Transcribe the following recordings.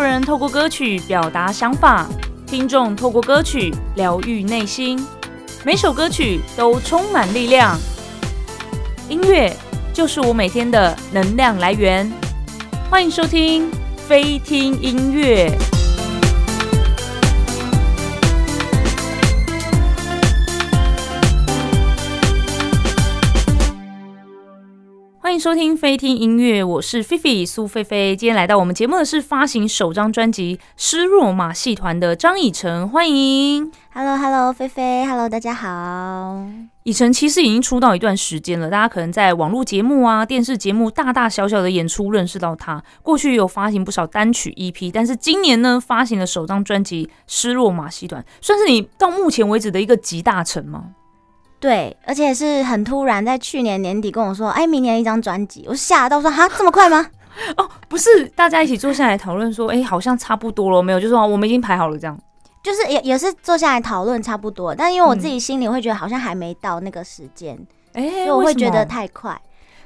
人透過歌曲表達想法，聽眾透過歌曲療癒內心。每首歌曲都充滿力量，音樂就是我每天的能量來源。歡迎收聽菲聽音樂。歡迎收聽菲聽音樂，我是菲菲蘇菲菲。今天來到我們節目的是發行首張專輯《失落馬戲團》的張苡宸，歡迎。Hello，Hello，hello, 菲菲，Hello，大家好。苡宸其實已經出道一段時間了，大家可能在網絡節目啊、電視節目、大大小小的演出認識到他。過去有發行不少單曲 EP，但是今年呢，發行的首張專輯《失落馬戲團》算是你到目前為止的一個集大成嗎？對，而且是很突然，在去年年底跟我說，哎，明年一張專輯，我嚇到說，哈，這麼快嗎？ 哦，不是，大家一起坐下來討論說，哎、欸，好像差不多了，沒有，就是說我們已經排好了這樣，就是也也是坐下來討論差不多，但因為我自己心裡會覺得好像還沒到那個時間，哎、嗯欸欸，所以我會覺得太快。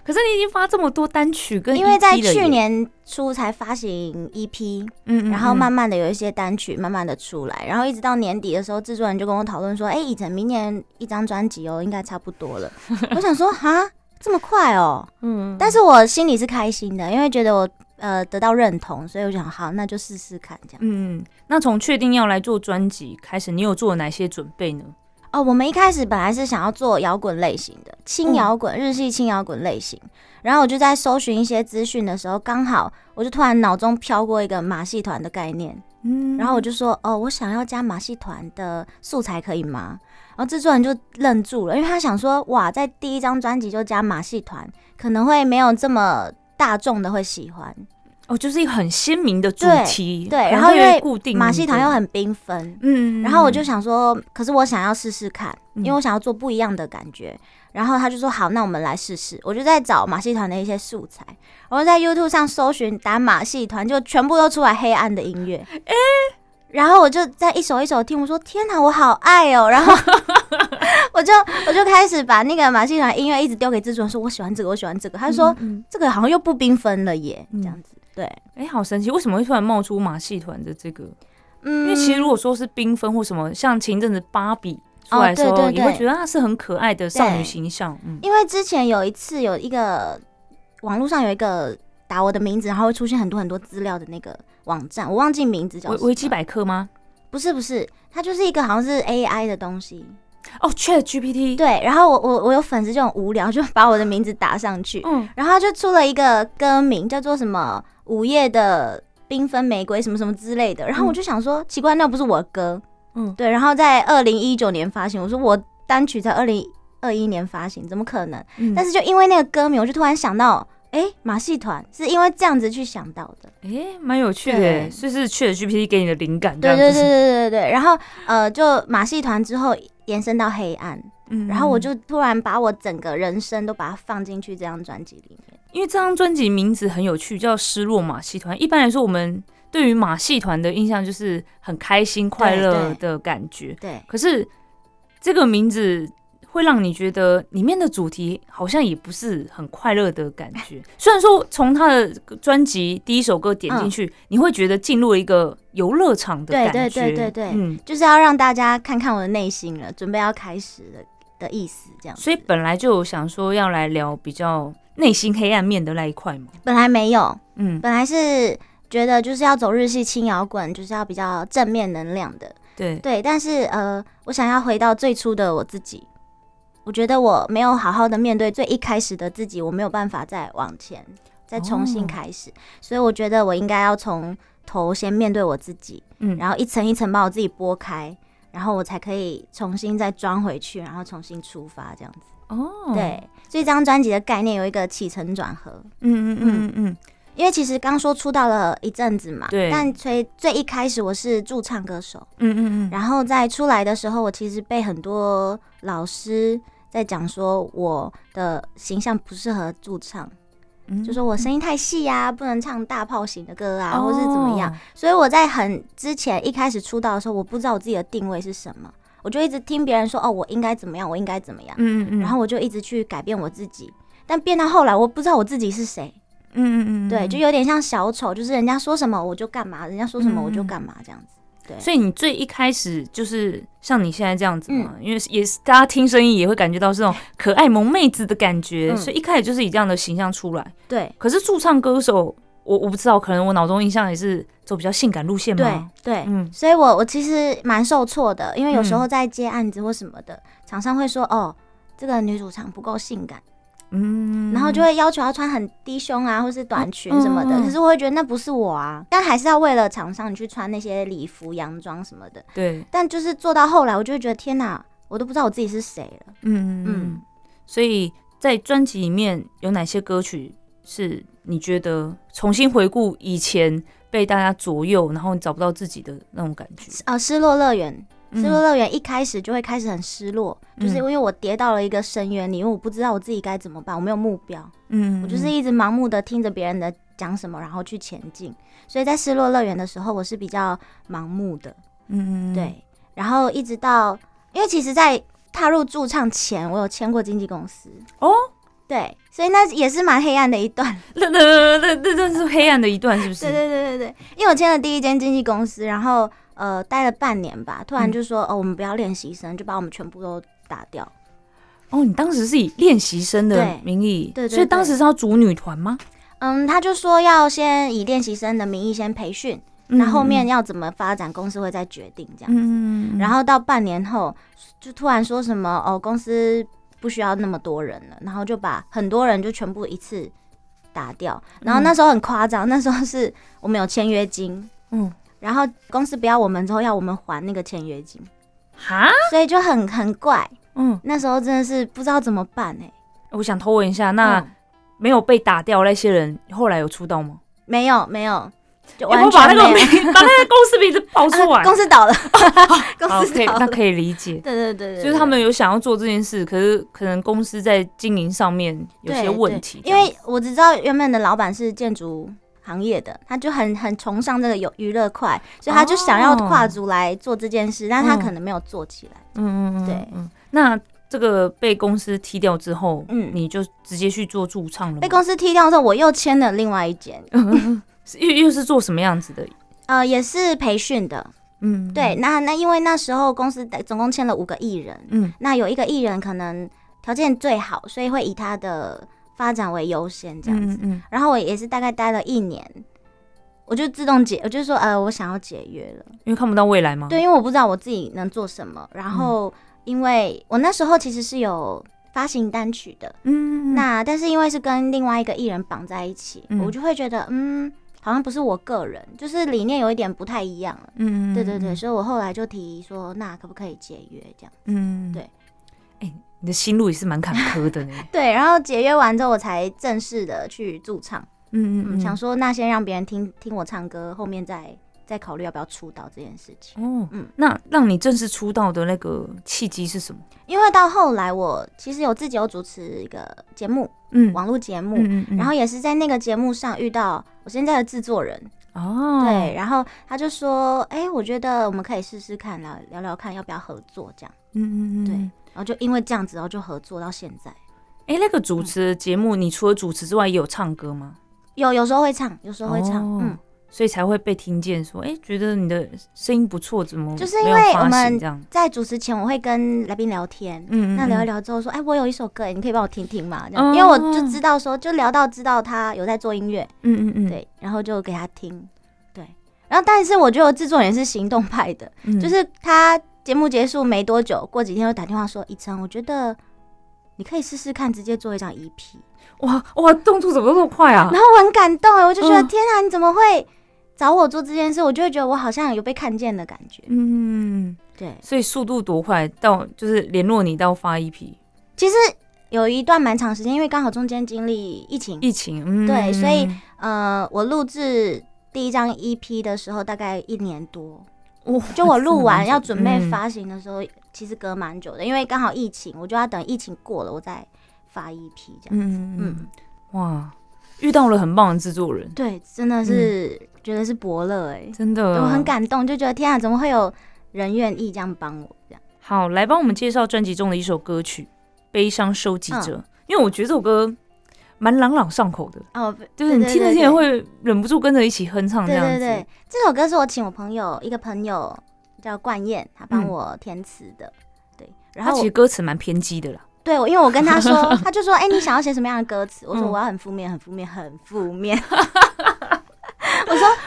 可是你已經發這麼多單曲跟 E2，因為在去年初才發行 EP，嗯，嗯，嗯然後慢慢的有一些單曲慢慢的出來，然後一直到年底的時候，制作人就跟我討論說，哎、欸，苡宸明年一張專輯哦，應該差不多了。 我想說哈，這麼快哦、喔，嗯，但是我心裡是開心的，因為覺得我呃得到認同，所以我想好那就試試看這樣。嗯，那從確定要來做專輯開始，你有做哪些準備呢？哦，我們一開始本來是想要做搖滾類型的輕搖滾、日系輕搖滾類型，然後我就在搜尋一些資訊的時候，剛好我就突然腦中飄過一個馬戲團的概念，嗯，然後我就說，哦，我想要加馬戲團的素材可以嗎？然後製作人就愣住了，因為他想說，哇，在第一張專輯就加馬戲團，可能會沒有這麼大眾的會喜歡。哦，就是一個很鮮明的主題，對，對，然後因為固定馬戲團又很繽紛，嗯，然後我就想說，可是我想要試試看，嗯，因為我想要做不一樣的感覺。嗯，然後他就說好，那我們來試試。我就在找馬戲團的一些素材，我在 YouTube 上搜尋打馬戲團，就全部都出來黑暗的音樂，欸。然後我就在一首一首聽，我說天哪，我好愛哦。然後 我就我就開始把那個馬戲團音樂一直丟給制作人，說我喜歡這個，我喜歡這個。嗯，他就說，嗯，這個好像又不繽紛了耶，嗯，這樣子。對，哎、欸，好神奇！為什麼會突然冒出馬戲團的這個？嗯，因為其實如果說是繽紛或什麼，像前一陣子芭比出來時候，你、哦、對對對、會覺得那是很可愛的少女形象對。嗯，因為之前有一次有一個網絡上有一個打我的名字，然後會出現很多很多資料的那個網站，我忘記名字叫維維基百科嗎？不是不是，它就是一個好像是 AI 的東西。哦 ChatGPT 對，然後我我我有粉絲就很無聊，就把我的名字打上去，嗯，然後就出了一個歌名叫做什麼午夜的繽紛玫瑰什麼什麼之類的，然後我就想說、嗯、奇怪，那又不是我歌。嗯，對，然後在二零一九年發行，我說我單曲在二零二一年發行，怎麼可能、嗯？但是就因為那個歌名，我就突然想到，哎、欸，馬戲團是因為這樣子去想到的，蠻、欸、有趣的、欸，的。所以就是 ChatGPT 給你的靈感這樣子，對對，對對對對對對，然後呃，就馬戲團之後。延伸到黑暗、嗯，然後我就突然把我整個人生都把它放進去這張專輯裡面。因為這張專輯名字很有趣，叫《失落馬戲團》。一般來說，我們對於馬戲團的印象就是很開心、快樂的感覺。對，對，可是這個名字會讓你覺得裡面的主題好像也不是很快樂的感覺。雖然說從他的專輯第一首歌點進去，你會覺得進入一個遊樂場的感覺。對對對對對，嗯，就是要讓大家看看我的內心了，準備要開始的的意思這樣。所以本來就想說要來聊比較內心黑暗面的那一塊嘛。本來沒有，嗯，本來是覺得就是要走日系輕搖滾，就是要比較正面能量的。對對，但是呃，我想要回到最初的我自己。我覺得我沒有好好的面對最一開始的自己，我沒有辦法再往前，再重新開始，哦，所以我覺得我應該要從頭先面對我自己，嗯，然後一層一層把我自己剝開，然後我才可以重新再裝回去，然後重新出發這樣子。哦，對，所以這張專輯的概念有一個起承轉合，嗯嗯嗯嗯，嗯，嗯，因為其實剛說出道了一陣子嘛，對，但最最一開始我是駐唱歌手，嗯嗯嗯，然後在出來的時候，我其實被很多老師在講說我的形象不適合駐唱，嗯嗯，就說我聲音太細呀、啊，嗯嗯，不能唱大炮型的歌啊，哦、或者是怎麼樣。所以我在很之前一開始出道的時候，我不知道我自己的定位是什麼，我就一直聽別人說哦，我應該怎麼樣，我應該怎麼樣。嗯嗯。然後我就一直去改變我自己，但變到後來，我不知道我自己是誰。嗯嗯嗯。對，就有點像小丑，就是人家說什麼我就幹嘛，人家說什麼我就幹嘛這樣子。所以你最一開始就是像你現在這樣子嘛、嗯，因為也是大家聽聲音也會感覺到這種可愛萌妹子的感覺、嗯，所以一開始就是以這樣的形象出來。對、嗯，可是駐唱歌手，我我不知道，可能我腦中印象也是走比較性感路線嘛。對對，嗯，所以我我其實蠻受挫的，因為有時候在接案子或什麼的，廠、嗯、商會說哦，這個女主唱不夠性感。嗯，然後就會要求要穿很低胸啊，或是短裙什麼的。可、嗯嗯、是我會覺得那不是我啊，但還是要為了廠商你去穿那些禮服、洋裝什麼的。對，但就是做到後來，我就會覺得天哪，我都不知道我自己是誰了。嗯嗯，所以在專輯裡面有哪些歌曲是你覺得重新回顧以前被大家左右，然後找不到自己的那種感覺？哦、啊，失落樂園。失落樂園一開始就會開始很失落，嗯，就是因為我跌到了一個深淵裡，嗯，因為我不知道我自己該怎麼辦，我沒有目標，嗯，我就是一直盲目的聽着別人的講什麼，然後去前進。所以在失落樂園的時候，我是比較盲目的，嗯，對。然後一直到，因為其實，在踏入駐唱前，我有簽過經紀公司哦，對，所以那也是蠻黑暗的一段，那那那那那是黑暗的一段，是不是？ 對，對對對對對，因為我簽了第一間經紀公司，然後。呃，待了半年吧，突然就說、嗯、哦，我們不要練習生，就把我們全部都打掉。哦，你當時是以練習生的名義，對，對，所以當時是要組女團嗎？嗯，他就說要先以練習生的名義先培訓，那、嗯、後，後面要怎麼發展，公司會再決定這樣。嗯，然後到半年後，就突然說什麼哦，公司不需要那麼多人了，然後就把很多人就全部一次打掉。然後那時候很誇張，嗯、那時候是我們有簽約金，嗯。然後公司不要我們之後，要我們還那個簽約金，哈，所以就很很怪，嗯，那時候真的是不知道怎麼辦呢、欸。我想偷問一下，那沒有被打掉那些人，後來有出道嗎？嗯、沒有，沒有，就沒有欸、我們把那個名， 把那個公司名字報出來、 呃。公司倒了， 公司倒了，okay, 那可以理解， 對，對對對對，就是他們有想要做這件事，可是可能公司在經營上面有些問題。對對因為我只知道原本的老闆是建築行業的，他就很很崇尚這個有娛樂快，所以他就想要跨足來做這件事，哦，但他可能沒有做起來。嗯嗯嗯，對。嗯，那這個被公司踢掉之後，嗯，你就直接去做駐唱了。被公司踢掉之後，我又簽了另外一間。嗯，又又是做什麼樣子的？呃，也是培訓的。嗯，對。那那因為那時候公司總共簽了五個藝人，嗯，那有一個藝人可能條件最好，所以會以他的。發展為優先這樣子。嗯，嗯、然後我也是大概待了一年，我就自動解，我就說呃，我想要解約了，因為看不到未來嗎？對，因為我不知道我自己能做什麼。然後因為我那時候其實是有發行單曲的，嗯，嗯，那但是因為是跟另外一個藝人綁在一起，我就會覺得嗯，好像不是我個人，就是理念有一點不太一樣了，嗯，對對對，所以我後來就提說，那可不可以解約這樣？嗯，嗯，嗯、對，哎。你的心路也是蠻坎坷的呢 。對，然後解約完之後，我才正式的去駐唱。嗯嗯，嗯嗯，想說，那先讓別人聽聽我唱歌，後面再再考慮要不要出道這件事情。哦，嗯，那讓你正式出道的那個契機是什麼？因為到後來，我其實有自己有主持一個節目，嗯，網絡節目，嗯嗯嗯，然後也是在那個節目上遇到我現在的製作人。哦，對，然後他就說，哎、欸，我覺得我們可以試試看啦，聊聊聊看要不要合作這樣。嗯嗯嗯，對。就因為這樣子，然後就合作到現在。哎、欸，那個主持節目、嗯，你除了主持之外，也有唱歌嗎？有，有時候會唱，有時候會唱，哦、嗯，所以才會被聽見說，說、欸、哎，覺得你的聲音不錯，怎麼樣？就是因為我們在主持前，我會跟來賓聊天，嗯,嗯,嗯，那聊一聊之後說，說、欸、哎，我有一首歌、欸，你可以幫我聽聽嗎、哦？因為我就知道說，說就聊到知道他有在做音樂，嗯嗯嗯，對，然後就給他聽，對，然後但是我覺得制作人也是行動派的，嗯、就是他。節目結束沒多久，過幾天又打電話說一：“苡宸，我覺得你可以試試看，直接做一張 EP。哇”哇哇，動作怎麼這麼快啊？然後我很感動哎、欸，我就覺得、哦、天啊，你怎麼會找我做這件事？我就會覺得我好像有被看見的感覺。嗯，對。所以速度多快到就是聯絡你到發 EP。其實有一段蠻長時間，因為剛好中間經歷疫情，疫情、嗯、對，所以呃，我錄制第一張 EP 的時候大概一年多。就我錄完要準備發行的時候，其實隔蠻久的，因為剛好疫情，我就要等疫情過了，我再發一批這樣子。嗯嗯，哇，遇到了很棒的製作人，對，真的是覺得是伯樂哎，真的，我很感動，就覺得天啊，怎麼會有人願意這樣幫我這樣？好，來幫我們介紹專輯中的一首歌曲《悲傷收集者》，嗯、因為我覺得這首歌。蠻朗朗上口的哦，oh, 就是你聽着聽着，會忍不住跟着一起哼唱這樣子。對，對對對，這首歌是我請我朋友一個朋友叫冠燕，他幫我填詞的、嗯。對，然後他其實歌詞蠻偏激的啦。對，因為我跟他說， 他就說，哎、欸，你想要寫什麼樣的歌詞？我說我要很負面，很負面，很負面。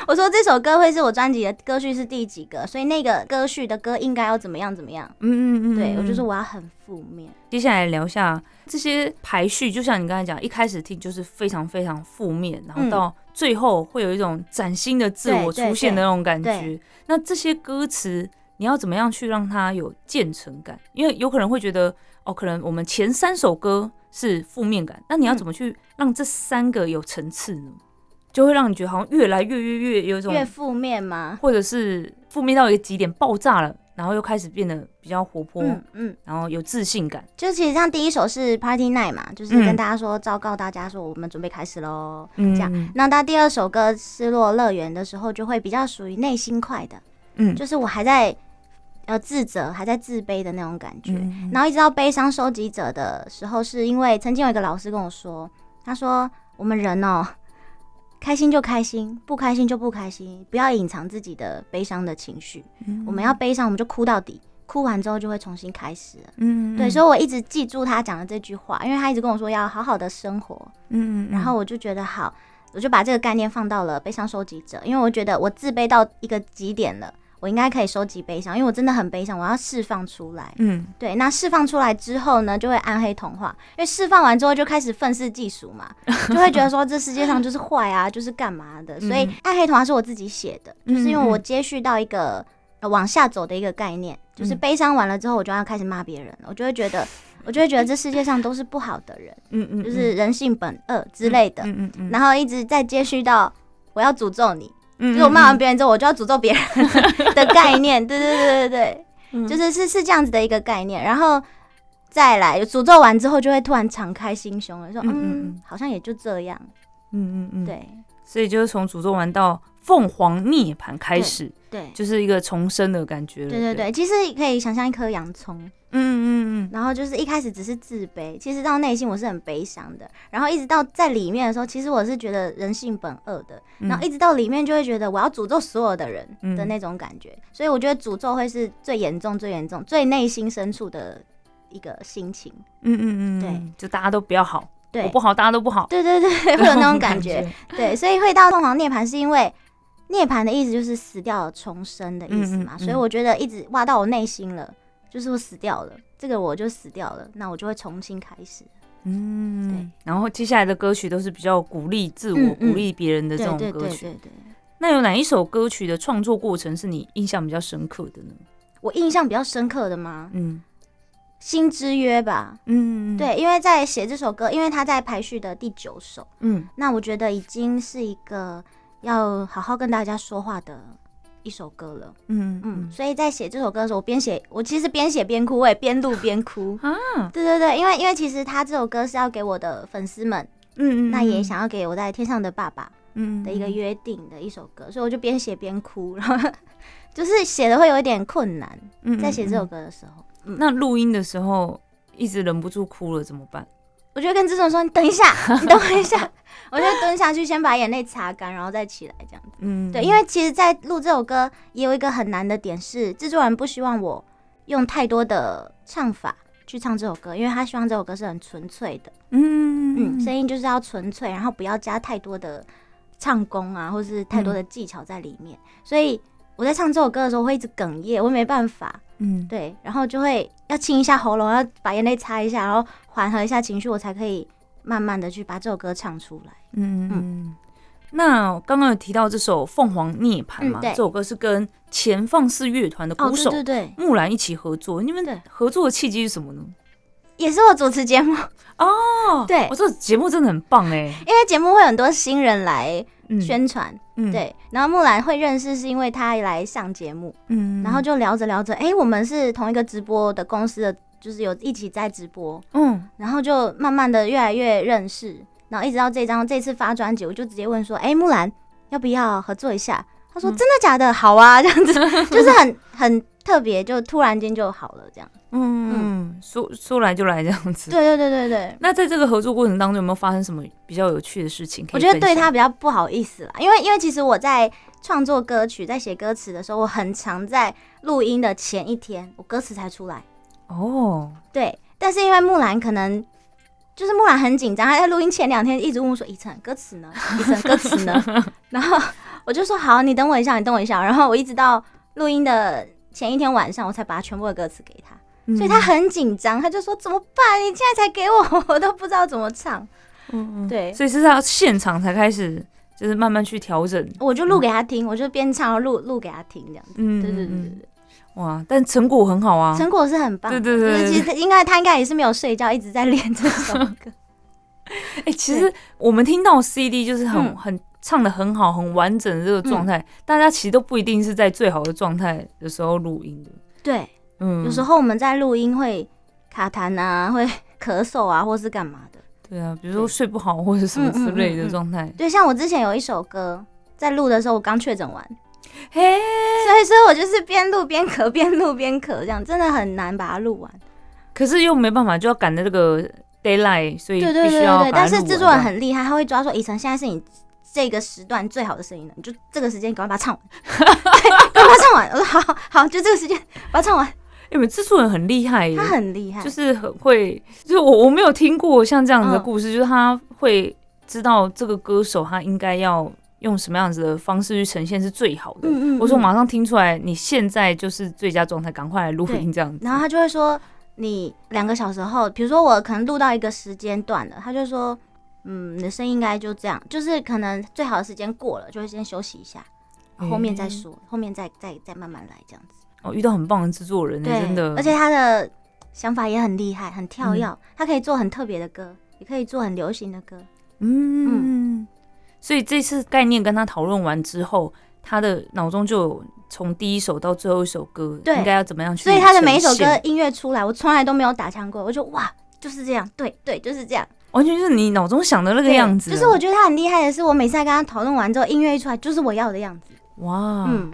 我說這首歌會是我專輯的歌序是第幾個，所以那個歌序的歌應該要怎麼樣怎麼樣？嗯嗯嗯，對，我就說我要很負面、嗯。嗯嗯嗯。接下來聊一下這些排序，就像你剛才講，一開始聽就是非常非常負面，然後到最後會有一種嶄新的自我出現的那種感覺。那這些歌詞你要怎麼樣去讓它有漸層感？因為有可能會覺得哦，可能我們前三首歌是負面感，那你要怎麼去讓這三個有層次呢？就會讓你覺得好像越來越越越有種越負面嘛，或者是負面到一個極點爆炸了，然後又開始變得比較活潑，嗯嗯，然後有自信感，嗯嗯。就其實像第一首是 Party Night 嘛，就是跟大家說，昭、嗯、告大家說，我們準備開始嘍，嗯，這樣。那到第二首歌失落樂園的時候，就會比較屬於內心快的，嗯，就是我還在呃自責，還在自卑的那種感覺。嗯，然後一直到悲傷收集者的時候，是因為曾經有一個老師跟我說，他說我們人哦、喔。開心就開心，不開心就不開心，不要隱藏自己的悲傷的情緒，嗯嗯。我們要悲傷，我們就哭到底，哭完之後就會重新開始。嗯，嗯，嗯，對，所以我一直記住他講的這句話，因為他一直跟我說要好好的生活。嗯，嗯，嗯，然後我就覺得好，我就把這個概念放到了悲傷收集者，因為我覺得我自卑到一個極點了。我應該可以收集悲傷，因為我真的很悲傷，我要釋放出來。嗯，對，那釋放出來之後呢，就會暗黑童話，因為釋放完之後就開始憤世嫉俗嘛，就會覺得說這世界上就是壞啊， 就是幹嘛的。所以暗黑童話是我自己寫的，嗯，就是因為我接續到一個往下走的一個概念，嗯，就是悲傷完了之後，我就要開始罵別人了，嗯，我就會覺得，我就會覺得這世界上都是不好的人，嗯嗯，就是人性本惡之類的，嗯嗯、嗯、嗯，然後一直在接續到我要詛咒你。嗯嗯嗯，就是我罵完別人之後，我就要詛咒別人的， 的概念，對對對對對，對，嗯、就是是是這樣子的一個概念，然後再來詛咒完之後，就會突然敞開心胸了，說嗯，嗯，嗯嗯、好像也就這樣，嗯嗯嗯，對，所以就是從詛咒完到鳳凰涅槃開始，對，對，就是一個重生的感覺，對對對，對，其實可以想象一顆洋蔥，嗯。嗯，嗯，然後就是一開始只是自卑，其實到內心我是很悲傷的。然後一直到在裡面的時候，其實我是覺得人性本惡的。然後一直到裡面就會覺得我要詛咒所有的人的那種感覺。嗯嗯，所以我覺得詛咒會是最嚴重、重、最嚴重、最內心深處的一個心情。嗯，嗯嗯嗯，對，就大家都不要好，對，我不好，大家都不好。對對對，會有那種感覺。感覺。對，所以會到鳳凰涅槃，是因為涅槃的意思就是死掉了重生的意思嘛，嗯嗯嗯嗯。所以我覺得一直挖到我內心了。就是我死掉了，這個我就死掉了，那我就會重新開始。嗯，對。然後接下來的歌曲都是比較鼓勵自我、嗯嗯、鼓勵別人的這種歌曲。對對、對、對、對、對。那有哪一首歌曲的創作過程是你印象比較深刻的呢？我印象比較深刻的嗎？嗯，《新之約》吧。嗯，嗯，對，因為在寫這首歌，因為它在排序的第九首。嗯，那我覺得已經是一個要好好跟大家說話的。一首歌了嗯，嗯嗯，所以在寫這首歌的時候，我邊寫，我其實邊寫邊哭，我也邊錄邊哭，啊，對對對，因為因為其實他這首歌是要給我的粉絲們嗯，嗯嗯，那也想要給我在天上的爸爸，嗯，的一個約定的一首歌，所以我就邊寫邊哭，然後就是寫的會有一點困難，在寫這首歌的時候，嗯嗯嗯嗯，那錄音的時候一直忍不住哭了怎麼辦？我就跟製作人說：“你等一下，你等我一下。 ”我就蹲下去，先把眼淚擦乾，然後再起來，這樣子。嗯，對，因為其實，在錄這首歌也有一個很難的點，是製作人不希望我用太多的唱法去唱這首歌，因為他希望這首歌是很純粹的。嗯嗯，聲音就是要純粹，然後不要加太多的唱功啊，或是太多的技巧在裡面。所以我在唱這首歌的時候，我會一直哽咽，我沒辦法。嗯，對，然後就會。要清一下喉嚨，要把眼淚擦一下，然後緩和一下情緒，我才可以慢慢的去把這首歌唱出來。嗯嗯。那剛剛有提到這首《鳳凰涅槃》嘛、嗯？這首歌是跟前放肆樂團的鼓手、哦、對對，對，對木蘭一起合作。你們合作的契機是什麼呢？也是我主持節目哦。對，我這節目真的很棒哎，因為節目會很多新人來。宣傳、嗯嗯、對，然後木蘭會認識，是因為她來上節目、嗯，然後就聊着聊着，哎、欸，我們是同一個直播的公司的，就是有一起在直播，嗯，然後就慢慢的越來越認識，然後一直到這張這次發專輯，我就直接問說，哎、欸，木蘭要不要合作一下？她說真的假的、嗯？好啊，這樣子 就是很很。特別就突然間就好了，這樣嗯，嗯嗯說說來就來這樣子。 對對對對對，對。那在這個合作過程當中，有沒有發生什麼比較有趣的事情？我覺得對他比較不好意思啦，因為因為其實我在創作歌曲，在寫歌詞的時候，我很常在錄音的前一天，我歌詞才出來。哦，對。但是因為木蘭可能就是木蘭很緊張，她在錄音前兩天一直問我說：“苡宸，歌詞呢？苡宸，歌詞呢？” 然後我就說：“好，你等我一下，你等我一下。”然後我一直到錄音的。前一天晚上我才把他全部的歌詞給他，所以他很緊張，他就說怎麼辦？你現在才給我，我都不知道怎麼唱。嗯嗯，對，所以是他現場才開始，就是慢慢去調整。我就錄給他聽，我就邊唱錄錄給他聽，這樣子。嗯，對對對對對。哇，但成果很好啊，成果是很棒。對對對，對，就是其實他應該他應該也是沒有睡覺，一直在練這首歌。哎，其實我們聽到 CD 就是很很唱得很好，很完整的這個狀態。嗯，大家其實都不一定是在最好的狀態的時候錄音的。對，嗯，有時候我們在錄音會卡痰啊，會咳嗽啊，或是幹嘛的。對啊，比如說睡不好或者什麼之類的狀態。嗯嗯嗯嗯。對，像我之前有一首歌在錄的時候，我剛確診完，嘿，所以說我就是邊錄邊咳，邊錄邊咳，這樣真的很難把它錄完。可是又沒辦法，就要趕在這個 daylight，所以必須要對，對對對對。但是製作人很厲害，他會抓說，苡，欸，宸，現在是你，這個時段最好的聲音了，你就這個時間趕快把它唱完， 哎、趕快把它唱完。我說好好好，就這個時間把它唱完。因們這曲人很厲害，他很厲害，就是很會，就是我我沒有聽過像這樣子的故事，嗯、就是他會知道這個歌手他應該要用什麼樣子的方式去呈現是最好的。嗯嗯嗯，我說我馬上聽出來，你現在就是最佳狀態，趕快來錄音這樣子。然後他就會說，你兩個小時後，比如說我可能錄到一個時間段了，他就說。嗯，人生應該就這樣，就是可能最好的時間過了，就會先休息一下，然後，後面再說，嗯、後面再再再慢慢來這樣子。哦，遇到很棒的製作人對，真的，而且他的想法也很厲害，很跳躍、嗯，他可以做很特別的歌，也可以做很流行的歌。嗯，嗯，所以這次概念跟他討論完之後，他的腦中就從第一首到最後一首歌，應該要怎麼樣去？所以他的每一首歌音樂出來，我從來都沒有打槍過，我就哇，就是這樣，對對，就是這樣。完全就是你腦中想的那個樣子。就是我覺得他很厲害的是，我每次跟他討論完之後，音樂一出來就是我要的樣子。哇，嗯，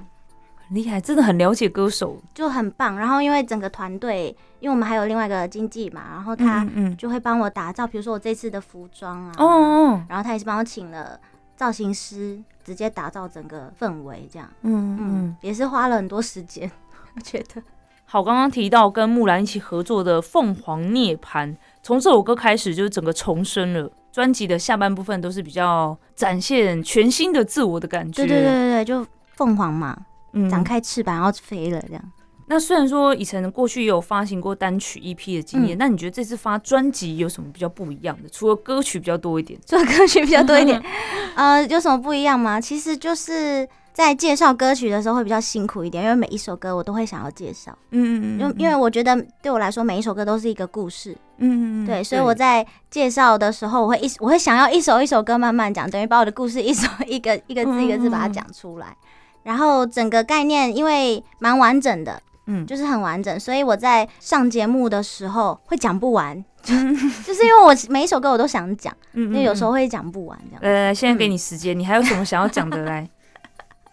很厲害，真的很了解歌手，就很棒。然後因為整個團隊，因為我們還有另外一個經紀嘛，然後他就會幫我打造，比如說我這次的服裝啊，哦哦，然後他也是幫我請了造型師，直接打造整個氛圍這樣。嗯嗯，嗯，也是花了很多時間、嗯。嗯、 我覺得好，剛剛提到跟木蘭一起合作的《鳳凰涅槃》。從這首歌開始，就是整個重生了。專輯的下半部分都是比較展現全新的自我的感覺。對對對，對就鳳凰嘛，嗯，展開翅膀然後飛了這樣。那雖然說以前過去也有發行過單曲、EP 的經驗，那、嗯、你覺得這次發專輯有什麼比較不一樣的？除了歌曲比較多一點，除了歌曲比較多一點， 呃，有什麼不一樣嗎？其實就是。在介紹歌曲的時候會比較辛苦一點，因為每一首歌我都會想要介紹。嗯嗯嗯，嗯，因因為我覺得對我來說每一首歌都是一個故事。嗯，嗯，嗯對，對，所以我在介紹的時候，我會一我會想要一首一首歌慢慢講，等於把我的故事一首一個一個字一個字把它講出來嗯嗯嗯。然後整個概念因為蠻完整的，嗯，就是很完整，所以我在上節目的時候會講不完嗯嗯嗯嗯呵呵呵，就是因為我每一首歌我都想講、嗯嗯嗯，因為有時候會講不完這樣。呃、嗯嗯嗯嗯，現在給你時間，你還有什麼想要講的來？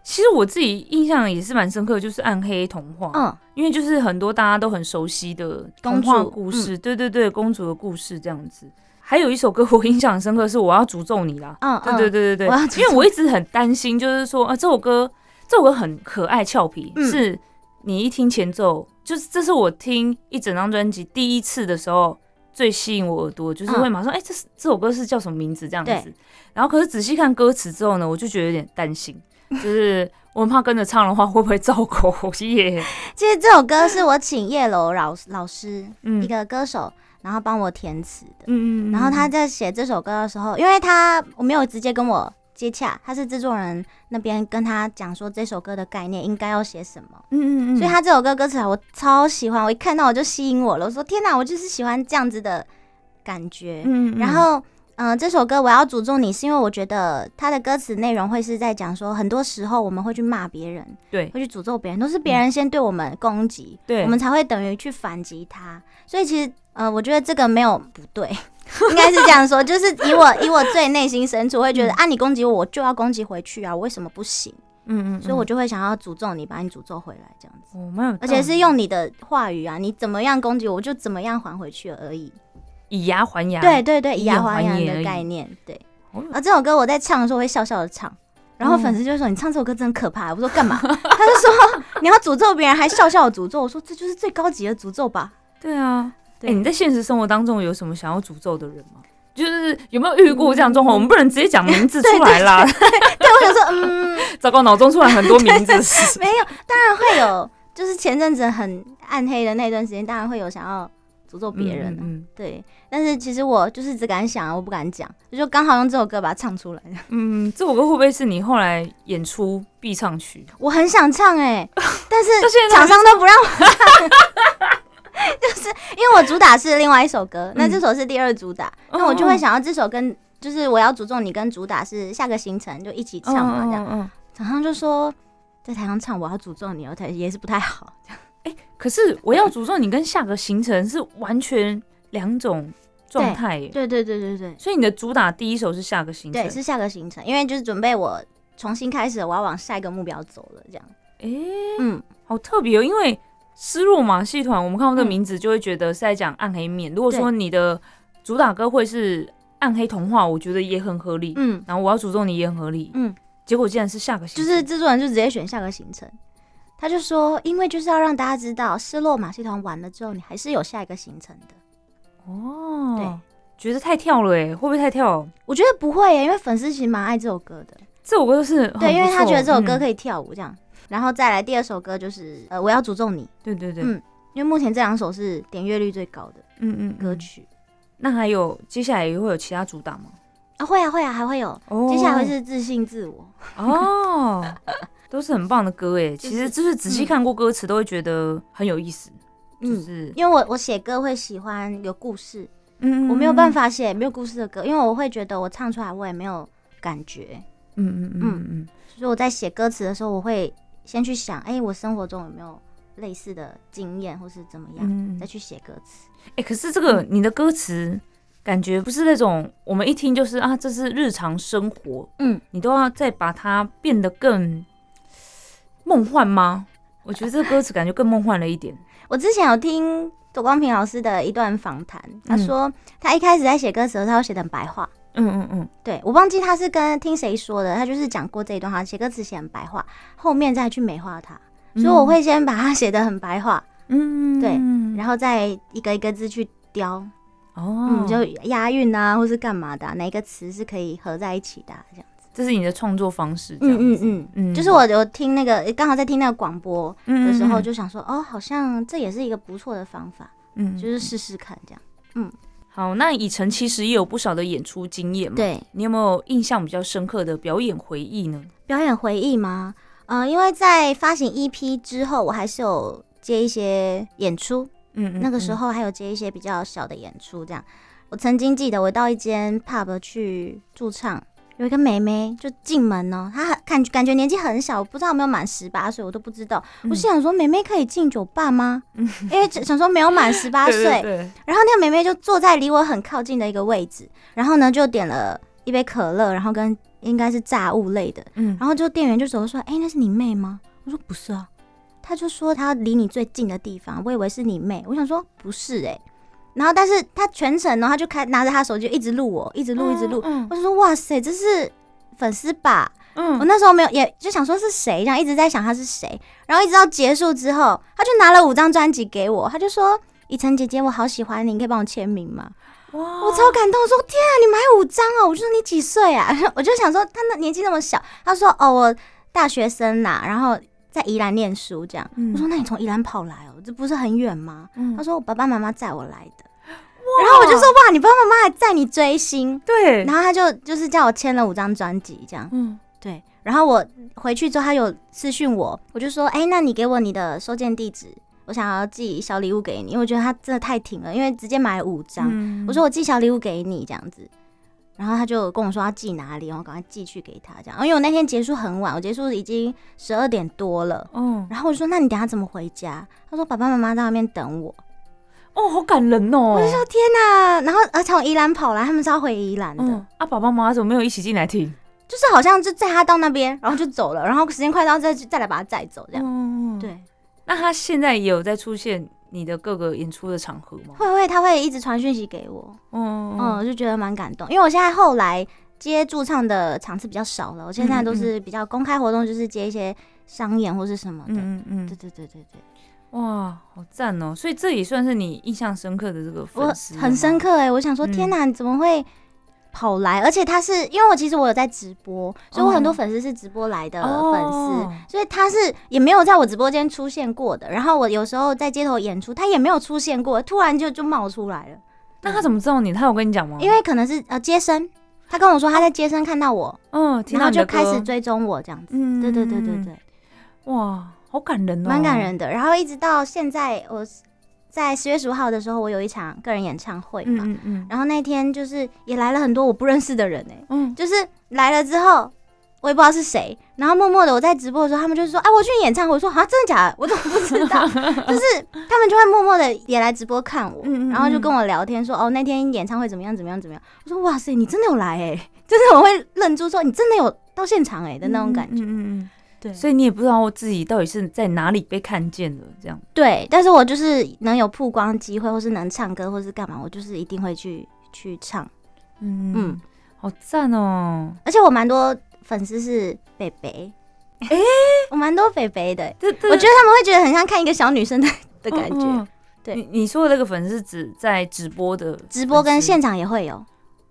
其實我自己印象也是蠻深刻的，就是暗黑童話，嗯，因為就是很多大家都很熟悉的童話故事，嗯、對對對，公主的故事這樣子。還有一首歌我印象深刻是我要詛咒你啦，嗯，對對對對對，嗯嗯、因為我一直很擔心，就是說啊，這首歌這首歌很可愛俏皮、嗯，是你一聽前奏，就是這是我聽一整張專輯第一次的時候最吸引我耳朵，就是會馬上說哎、嗯欸，這是這首歌是叫什麼名字這樣子。然後可是仔細看歌詞之後呢，我就覺得有點擔心。就是我怕跟着唱的話，會不會造口業耶。其實這首歌是我請葉樓老老師，一個歌手，然後幫我填詞的。然後他在寫這首歌的時候，因為他我沒有直接跟我接洽，他是制作人那邊跟他講說這首歌的概念應該要寫什麼。嗯所以他這首歌歌詞我超喜歡，我一看到我就吸引我了，我說天哪、啊，我就是喜歡這樣子的感覺。嗯，然後。嗯、呃，這首歌我要詛咒你，是因為我覺得它的歌詞內容會是在講說，很多時候我們會去罵別人，對，會去詛咒別人，都是別人先對我們攻擊，對，我們才會等於去反擊他。所以其實，呃，我覺得這個沒有不對， 應該是這樣說，就是以我以我最內心深處會覺得啊，你攻擊我，我就要攻擊回去啊，我為什麼不行？嗯嗯，所以我就會想要詛咒你，把你詛咒回來這樣子。我沒有，而且是用你的話語啊，你怎麼樣攻擊我，我就怎麼樣還回去而已。以牙還牙，對對對，以牙還牙的概念，眼還眼而已，對。啊、哦，這首歌我在唱的時候會笑笑的唱，然後粉絲就說：“你唱這首歌真可怕。”我說：“幹、嗯、嘛？”他就說：“你要詛咒別人，還笑笑的詛咒。”我說：“這就是最高級的詛咒吧？”對啊，對、欸。你在現實生活當中有什麼想要詛咒的人嗎？就是有沒有遇過這樣狀況？我們不能直接講名字出來啦、嗯嗯嗯對對對對。對，我想說，嗯， 糟糕，腦中出來很多名字對對對。沒有，當然會有， 就是前陣子很暗黑的那段時間，當然會有想要。詛咒別人，嗯，嗯，對，但是其實我就是只敢想、啊，我不敢講，就剛好用這首歌把它唱出來。嗯，這首歌會不會是你後來演出必唱曲？ 我很想唱哎、欸，但是廠、啊、商、就是、都不讓我、啊。我、就是、 就是因為我主打是另外一首歌，那這首是第二主打，那、嗯、我就會想要這首跟，嗯哦、就是我要詛咒你跟主打是下個行程就一起唱嘛，這樣，廠、哦、商、哦哦哦哦、就說在台上唱我要詛咒你，我台也是不太好。哎、欸，可是我要詛咒你跟下個行程是完全兩種狀態耶。對對對對對，對。所以你的主打第一首是下個行程，對，是下個行程，因為就是準備我重新開始，我要往下一個目標走了這樣。哎、欸，嗯，好特別哦，因為失落馬戲團，我們看到這個名字就會覺得是在講暗黑面、嗯。如果說你的主打歌會是暗黑童話，我覺得也很合理。嗯，然後我要詛咒你也很合理。嗯，結果竟然是下個行程，就是制作人就直接選下個行程。他就說，因為就是要讓大家知道，失落馬戲團完了之後，你還是有下一個行程的。哦、oh，對，覺得太跳了哎，會不會太跳？我覺得不會耶，因為粉絲其實蠻愛這首歌的。這首歌就是很，對，因為他覺得這首歌可以跳舞這樣。嗯、然後再來第二首歌就是、嗯、呃，我要詛咒你。對對對，嗯，因為目前這兩首是點閱率最高的嗯嗯歌、嗯、曲。那還有接下來也會有其他主打嗎？啊、哦、會啊會啊，還會有、哦。接下來會是自信自我。哦。 都是很棒的歌哎、欸就是，其實就是仔細看過歌詞都會覺得很有意思，嗯，就是因為我我寫歌會喜歡有故事，嗯，我沒有辦法寫沒有故事的歌、嗯，因為我會覺得我唱出來我也沒有感覺，嗯嗯嗯嗯，所以我在寫歌詞的時候，我會先去想，哎、嗯欸，我生活中有沒有類似的經驗或是怎麼樣，嗯、再去寫歌詞，哎、欸，可是這個、嗯、你的歌詞感覺不是那種我們一聽就是啊，這是日常生活，嗯，你都要再把它變得更。夢幻嗎？我覺得這個歌詞感覺更夢幻了一點。 我之前有聽左光平老師的一段訪談，他說他一開始在寫歌詞的時候，他要寫的白話。嗯嗯嗯，對，我忘記他是跟聽誰說的，他就是講過這一段話，寫歌詞寫很白話，後面再去美化它。所以我會先把它寫得很白話，嗯，對，然後再一個一個字去雕，哦，嗯、就押韻啊，或是幹嘛的、啊，哪一個詞是可以合在一起的、啊，這樣。這是你的創作方式這樣？嗯，嗯嗯嗯嗯，就是我我聽那個剛好在聽那個廣播的時候，就想說、嗯、哦，好像這也是一個不錯的方法，嗯，就是試試看這樣，嗯，好，那苡宸其實也有不少的演出經驗嘛，對，你有沒有印象比較深刻的表演回憶呢？表演回憶嗎？嗯、呃，因為在發行 EP 之後，我還是有接一些演出，嗯嗯，那個時候還有接一些比較小的演出，這樣、嗯嗯，我曾經記得我到一間 pub 去駐唱。有一個妹妹就進門哦、喔，她很感感覺年紀很小，不知道有沒有滿十八歲，我都不知道、嗯。我是想說，妹妹可以進酒吧嗎？ 因為想說沒有滿十八歲。然後那個妹妹就坐在離我很靠近的一個位置，然後呢就點了一杯可樂，然後跟應該是炸物類的、嗯。然後就店員就走着說：“哎、欸，那是你妹嗎？”我說：“不是啊。”她就說：“她離你最近的地方，我以為是你妹。”我想說：“不是哎、欸。”然後，但是他全程、哦，然他就開拿着他手機一直錄我，一直錄，一直錄、嗯嗯。我就說，哇塞，這是粉絲吧？嗯，我那時候沒有，也就想說是誰，這一直在想他是誰。然後一直到結束之後，他就拿了五張專輯給我，他就說：“苡宸姐姐，我好喜歡你，你可以幫我簽名嗎？”哇，我超感動，我說天啊，你買五張哦！我就說你幾歲啊？ 我就想說他那年紀那麼小，他說：“哦，我大學生啊。”然後。在宜蘭念書，這樣。我說那你從宜蘭跑來哦、喔，這不是很遠嗎？他說我爸爸媽媽載我來的，然後我就說哇，你爸爸媽媽還載你追星？對。然後他就就是叫我簽了五張專輯，這樣。嗯，對。然後我回去之後，他有私訊我，我就說哎、欸，那你給我你的收件地址，我想要寄小禮物給你，因為我覺得他真的太挺了，因為直接買五張，我說我寄小禮物給你，這樣子。然後他就跟我說他寄哪裡，然後趕快寄去給他這樣。因為我那天結束很晚，我結束已經十二點多了。嗯，然後我就說，那你等下怎麼回家？他說爸爸媽媽在外面等我。哦，好感人哦！我就說天哪，然後他從宜蘭跑來，他們是要回宜蘭的，嗯。啊，爸爸媽媽怎麼沒有一起進來聽？就是好像就在他到那邊，然後就走了，然後時間快到再再來把他載走這樣。嗯，對，那他現在也有在出現你的各個演出的場合嗎？會不會他會一直傳訊息給我？嗯、哦哦哦哦、嗯，我就覺得蠻感動，因為我現在後來接駐唱的場次比較少了，我現在都是比較公開活動，就是接一些商演或是什麼的。嗯嗯嗯，嗯，對對對對對，對，哇，好讚哦、喔！所以這也算是你印象深刻的這個粉絲，我很深刻哎、欸！我想說，天吶，你怎麼會？好，來，而且他是因為我其實我有在直播，oh. 所以我很多粉絲是直播來的粉絲，oh. 所以他是也沒有在我直播間出現過的。然後我有時候在街頭演出，他也沒有出現過，突然就就冒出來了。那他怎麼知道你？他有跟你講嗎、嗯？因為可能是呃街聲，他跟我說他在街聲看到我，嗯、oh. oh,，然後就開始追蹤我這樣子，嗯。對對對對對，哇，好感人哦，蠻感人的。然後一直到現在我。在十月十五號的時候，我有一場個人演唱會嘛，嗯嗯，然後那天就是也來了很多我不認識的人哎、欸，嗯，就是來了之後，我也不知道是誰，然後默默的我在直播的時候，他們就是說，哎、啊，我去演唱會，我說，好像真的假的？我怎麼不知道？ 就是他們就會默默的也來直播看我，嗯，然後就跟我聊天說，哦，那天演唱會怎麼樣怎麼樣怎麼樣？我說，哇塞，你真的有來哎、欸，就是我會愣住說，你真的有到現場哎、欸、的那種感覺，嗯。嗯。對，所以你也不知道我自己到底是在哪裡被看見的，這樣。對，但是我就是能有曝光機會，或是能唱歌，或是幹嘛，我就是一定會去去唱。嗯嗯，好讚哦！而且我蠻多粉絲是北北，哎、欸，我蠻多北北的、欸。 我，蠻多伯伯的欸、 我覺得他們會覺得很像看一個小女生的的感覺哦哦。對，你，你說的這個粉絲只在直播的，直播跟現場也會有。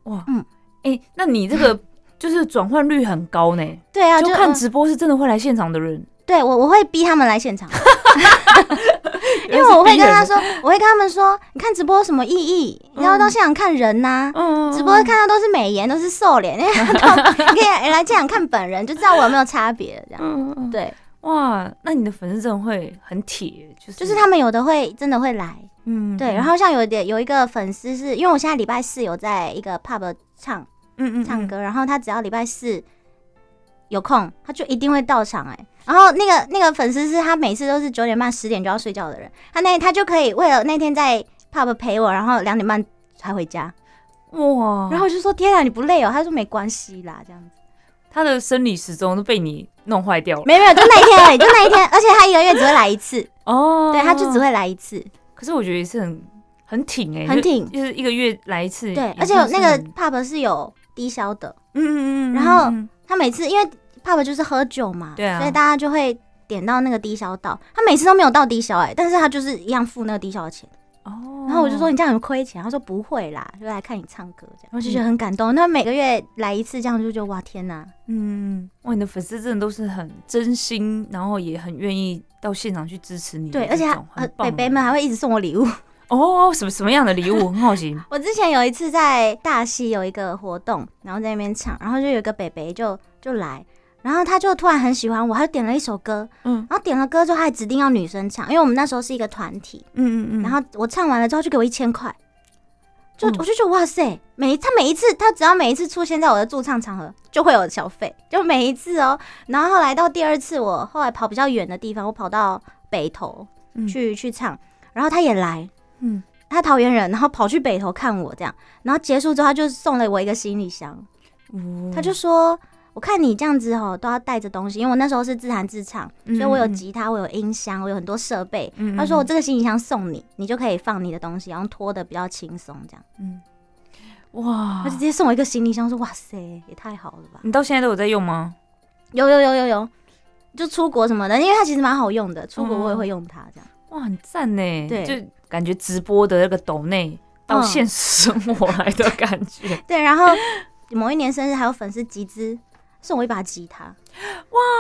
哇，嗯，哎、欸，那你這個。 就是轉換率很高呢。對啊，就看直播是真的會來現場的人。對，我我會逼他們來現場， 因為我會跟他說，我會跟他們說，你看直播有什麼意義？嗯、你要到現場看人吶、啊嗯，直播看到都是美顏、嗯，都是瘦臉，嗯、你可以來現場看本人， 就知道我有沒有差別這樣、嗯。對，哇，那你的粉絲真的會很鐵，就是就是他們有的會真的會來。嗯，對，然後像有點有一個粉絲是因為我現在禮拜四有在一個 pub 唱。嗯,嗯嗯，唱歌，然後他只要禮拜四有空，他就一定會到場哎、欸。然後那個那個粉絲是他每次都是九點半、十點就要睡覺的人，他那他就可以為了那天在 pub 陪我，然後兩點半才回家。哇！然後我就說：“天啊，你不累哦、喔？”他說：“沒關係啦。”這樣子，他的生理時鐘都被你弄壞掉了。沒有沒有，就那一天而已， 就那一天，而且他一個月只會來一次哦。對，他就只會來一次。可是我覺得也是很很挺哎，很挺,、欸很挺就，就是一個月來一次對。對，而且那個 pub 是有。低消的，嗯嗯嗯，然後他每次因為 Pub 就是喝酒嘛，對啊，所以大家就會點到那個低消到。他每次都沒有到低消哎、欸，但是他就是一樣付那個低消的錢。哦，然後我就說你這樣很虧錢，他說不會啦，就來看你唱歌這樣。我就覺得很感動，那每個月來一次這樣，就覺得哇天哪，嗯，嗯，哇，你的粉絲真的都是很真心，然後也很願意到現場去支持你。對，而且他北北們還會一直送我禮物。哦，什麼什麼樣的禮物很好奇。 我之前有一次在大溪有一個活動，然後在那邊唱，然後就有一個北北就就來，然後他就突然很喜歡我，他就點了一首歌，嗯，然後點了歌之後他還指定要女生唱，因為我們那時候是一個團體，嗯嗯嗯，然後我唱完了之後就給我一千塊，就、嗯、我就覺得哇塞，每一他每一次他只要每一次出現在我的駐唱場合就會有小費，就每一次哦，然後後來到第二次我後來跑比較遠的地方，我跑到北投去、嗯、去唱，然後他也來。嗯，他桃園人，然後跑去北投看我這樣，然後結束之後他就送了我一個行李箱，哦，他就說，我看你這樣子哦，都要帶着東西，因為我那時候是自彈自唱，所以我有吉他，我有音箱，我有很多設備。嗯，他說我這個行李箱送你，你就可以放你的東西，然後拖得比較輕鬆這樣。嗯，哇，他就直接送我一個行李箱，說哇塞，也太好了吧！你到現在都有在用嗎？有有有有有，就出國什麼的，因為它其實蠻好用的，出國我也會用它這樣。嗯哇，很贊呢！對，就感覺直播的那個鬥內到現實生活來的感覺、嗯。 對，然後某一年生日，還有粉絲集資送我一把吉他，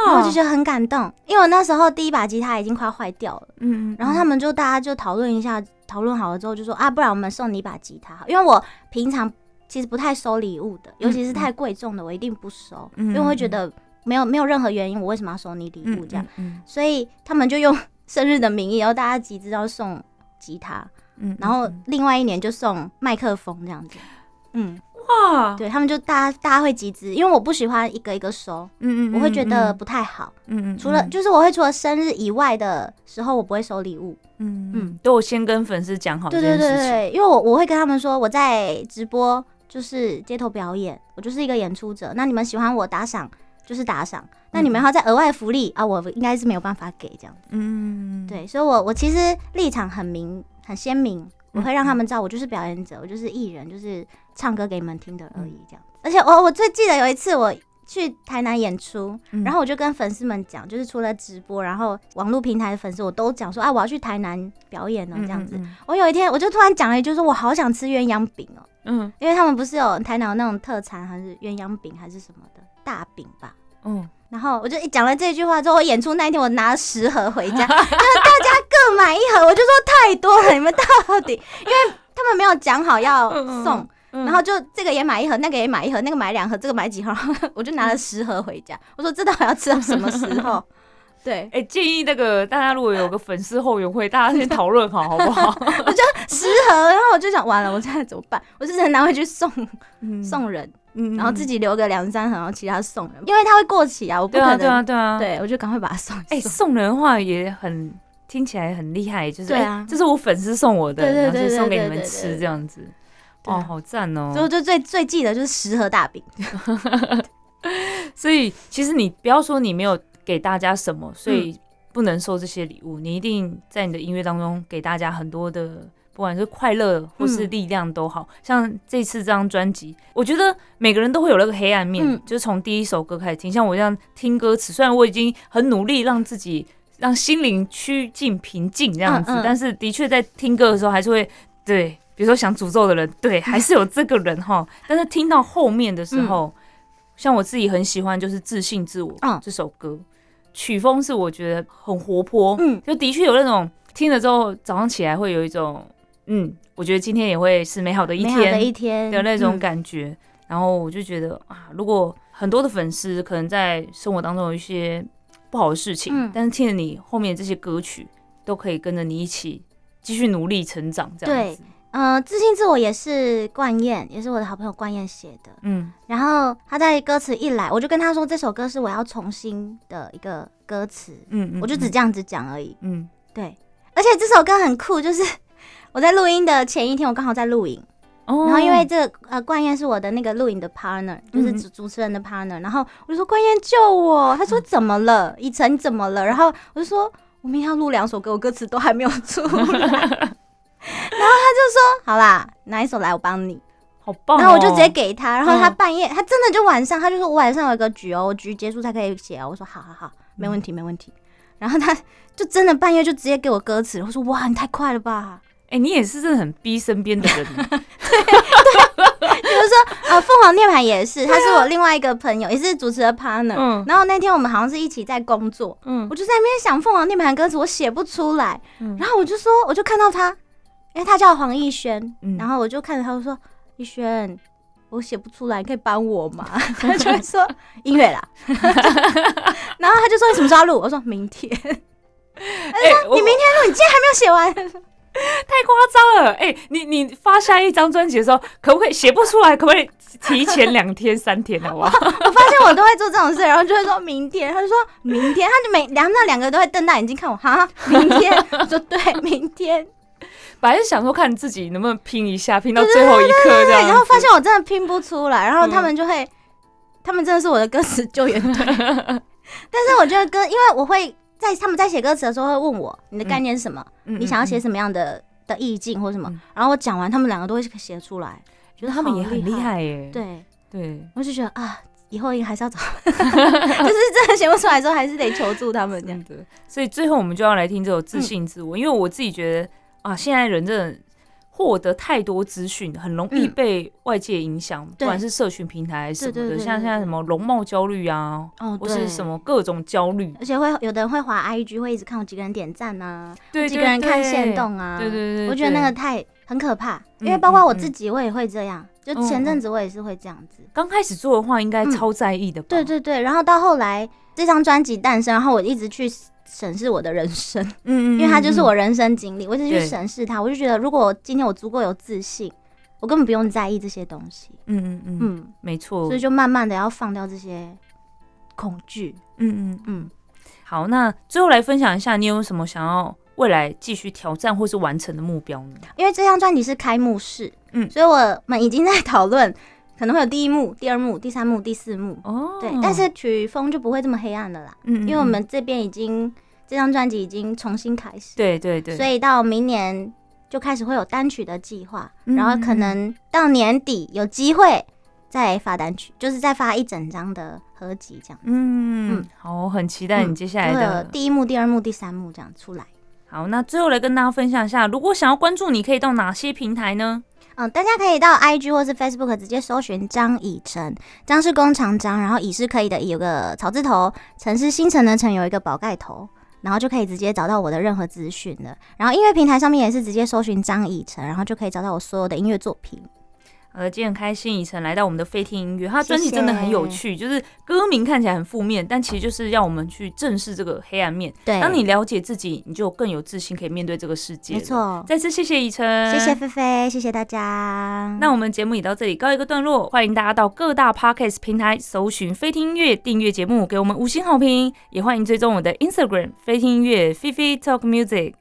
哇！我就覺得很感動，因為我那時候第一把吉他已經快壞掉了。嗯，然後他們就大家就討論一下，討論好了之後就說啊，不然我們送你一把吉他，因為我平常其實不太收禮物的，尤其是太貴重的、嗯，我一定不收、嗯，因為會覺得沒有沒有任何原因，我為什麼要收你禮物這樣、嗯嗯嗯嗯？所以他們就用。生日的名義，然後大家集資要送吉他，嗯，然後另外一年就送麥克風這樣子，嗯，哇，對，他們就大家大家會集資，因為我不喜歡一個一個收，嗯嗯，我會覺得不太好，嗯嗯，除了、嗯、就是我會除了生日以外的時候，我不會收禮物，嗯嗯，嗯，都我先跟粉絲講好，對對對對，因為我我會跟他們說，我在直播就是街頭表演，我就是一個演出者，那你們喜歡我打賞。就是打賞，那你們還要再額外福利、嗯、啊？我應該是沒有辦法給這樣子。嗯，對，所以我，我我其實立場很明，很鮮明，我會讓他們知道，我就是表演者，嗯、我就是藝人，就是唱歌給你們聽的而已，這樣、嗯、而且我，我我最記得有一次我去台南演出，嗯、然後我就跟粉絲們講，就是除了直播，然後網絡平台的粉絲，我都講說，啊，我要去台南表演呢，這樣子、嗯嗯。我有一天，我就突然講了一句說，說我好想吃鴛鴦餅哦，嗯，因為他們不是有台南的那種特產，還是鴛鴦餅，還是什麼的。大餅吧，嗯，然後我就一講了這句話之後，我演出那一天，我拿了十盒回家，大家各買一盒，我就說太多了，你們到底？因為他們沒有講好要送，然後就這個也買一盒，那個也買一盒，那個買兩盒，這個買幾盒，我就拿了十盒回家，我說知道我要吃到什麼時候？對，哎，建議那個大家如果有個粉絲後援會，大家先討論好，好不好？我就十盒，然後我就想完了，我現在怎麼辦？我就只能拿回去送，送人。嗯，然後自己留個兩三盒，然後其他送人，因為它會過期啊，我不可能。對啊，對啊，對啊對。我就趕快把它送。哎、欸，送人話也很聽起來很厲害，就是對啊，這是我粉絲送我的，然後就送給你們吃這樣子。哇，好讚哦、喔！就就最最記得就是十盒大餅 所以其實你不要說你沒有給大家什麼，所以不能收這些禮物，你一定在你的音樂當中給大家很多的。不管是快樂或是力量都好。嗯，像這次這張專輯，我覺得每個人都會有那個黑暗面，嗯，就是從第一首歌開始聽。像我這樣聽歌詞，雖然我已經很努力讓自己讓心靈趨近平靜這樣子，嗯嗯，但是的確在聽歌的時候還是會，對，比如說想詛咒的人，對、嗯，還是有這個人哈。但是聽到後面的時候，嗯，像我自己很喜歡就是自信自我、嗯、這首歌，曲風是我覺得很活潑，嗯，就的確有那種聽了之後早上起來會有一種。嗯，我覺得今天也會是美好的一天，美好的一天的、啊、那種感覺、嗯。然後我就覺得啊，如果很多的粉絲可能在生活當中有一些不好的事情，嗯、但是聽着你後面這些歌曲，都可以跟着你一起繼續努力成長。這樣子，對、嗯、呃，自信自我也是冠燕，也是我的好朋友冠燕寫的。嗯，然後他在歌詞一來，我就跟他說這首歌是我要重新的一個歌詞。嗯，嗯，嗯，嗯，我就只這樣子講而已。嗯，對，而且這首歌很酷，就是。我在錄音的前一天，我剛好在錄音，oh. 然後因為這個呃冠燕，是我的那個錄音的 partner，就是主主持人的 partner，、mm -hmm. 然後我就說冠燕救我，他說怎麼了？ 苡宸，你怎麼了？然後我就說我明天要錄兩首歌，我歌詞都還沒有出， 然後他就說好啦，拿一首來我幫你，好棒、哦，然後我就直接給他，然後他半夜他真的就晚上，他就說我晚上有一個局哦，我局結束才可以寫哦，我說好好好，沒問題、mm -hmm. 沒問題，然後他就真的半夜就直接給我歌詞，我說，哇你太快了吧。欸、你也是真的很逼身邊的人 對，對，比如說呃、鳳凰涅槃也是，他是我另外一個朋友，啊、也是主持的 partner、嗯。然後那天我們好像是一起在工作，嗯，我就在那邊想鳳凰涅槃歌詞我寫不出來、嗯，然後我就說，我就看到他，因為他叫黃奕軒、嗯，然後我就看着他說：“奕軒，我寫不出來，你可以幫我嗎？” 他就會說：“音樂啦。然”然後他就說：“你什麼時候要錄？”我說明天。 他說、欸，你明天錄、啊，你今天還沒有寫完。 太誇張了！哎、欸，你你發下一張專輯的時候，可不可以寫不出來？可不可以提前兩天、三天好不好？ 我發現我都會做這種事，然後就會說明天，他就說明天，他就每兩那兩個都會瞪大眼睛看我，哈，明天，我說對，明天。 本來是想說看自己能不能拼一下，拼到最後一刻這樣對對對對對，然後發現我真的拼不出來，然後他們就會，嗯、他們真的是我的歌詞救援隊， 但是我覺得跟，因為我會。在他們在寫歌詞的時候會問我，你的概念是什麼、嗯？你想要寫什麼樣的的意境或者什麼？然後我講完，他們兩個都會寫出來。覺得他們也很厲害耶、欸。對對，對，我就覺得啊，以後應該還是要找 就是真的寫不出來的時候，還是得求助他們這樣子。所以最後我們就要來聽這首《自信自我》，因為我自己覺得啊，現在人真的。獲得太多資訊，很容易被外界影響、嗯，不管是社群平台還是什麼的，對對對對，像現在什麼容貌焦慮啊、哦對，或是什麼各種焦慮，而且會有的人會滑 IG，會一直看我幾個人點讚啊，有幾個人看限動啊，對對對，對，我覺得那個太很可怕，對對對對，因為包括我自己，我也會這樣，嗯、就前陣子我也是會這樣子，剛、嗯、開始做的話應該超在意的吧，嗯、對，對對對，然後到後來。這張專輯誕生，然後我一直去審視我的人生，嗯嗯，嗯，嗯、因為它就是我的人生經歷，嗯嗯嗯，我一直去審視它，我就覺得如果今天我足夠有自信，我根本不用在意這些東西，嗯嗯嗯，嗯，沒錯，所以就慢慢的要放掉這些恐懼，嗯嗯嗯、嗯、嗯。好，那最後來分享一下，你有什麼想要未來繼續挑戰或是完成的目標呢？因為這張專輯是開幕式，嗯，所以我們已經在討論。可能會有第一幕、第二幕、第三幕、第四幕哦，對，但是曲風就不會這麼黑暗了啦，嗯、嗯，因為我們這邊已經這張專輯已經重新開始，對對對，所以到明年就開始會有單曲的計劃，嗯嗯然後可能到年底有機會再發單曲，就是再發一整張的合輯這樣，嗯嗯、嗯，好，我很期待你接下來的，嗯、有第一幕、第二幕、第三幕這樣出來。好，那最後來跟大家分享一下，如果想要關注你，可以到哪些平台呢？嗯，大家可以到 IG 或是 Facebook 直接搜尋張苡宸，張是弓長張，然後苡是可以的，以有個草字頭，宸是星辰的辰，有一個寶蓋頭，然後就可以直接找到我的任何資訊了。然後音樂平台上面也是直接搜尋張苡宸，然後就可以找到我所有的音樂作品。好的，今天很開心，苡宸來到我們的菲聽音樂，他專輯真的很有趣，謝謝，就是歌名看起來很負面，但其實就是讓我們去正視這個黑暗面。對，當你了解自己，你就更有自信可以面對這個世界。沒錯，再次謝謝苡宸，謝謝菲菲，謝謝大家。那我們節目也到這裡，告一個段落，歡迎大家到各大 Podcast 平台搜尋菲聽音樂，訂閱節目，給我們五星好評，也歡迎追蹤我的 Instagram 菲聽音樂，Fifi Talk Music。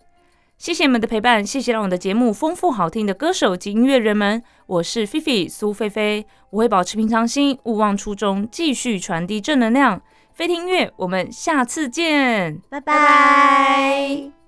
謝謝你們的陪伴，謝謝讓我的節目豐富、好聽的歌手及音樂人們。我是菲菲蘇菲菲，我會保持平常心，勿忘初衷，繼續傳遞正能量。菲聽音樂，我們下次見，拜拜。拜拜。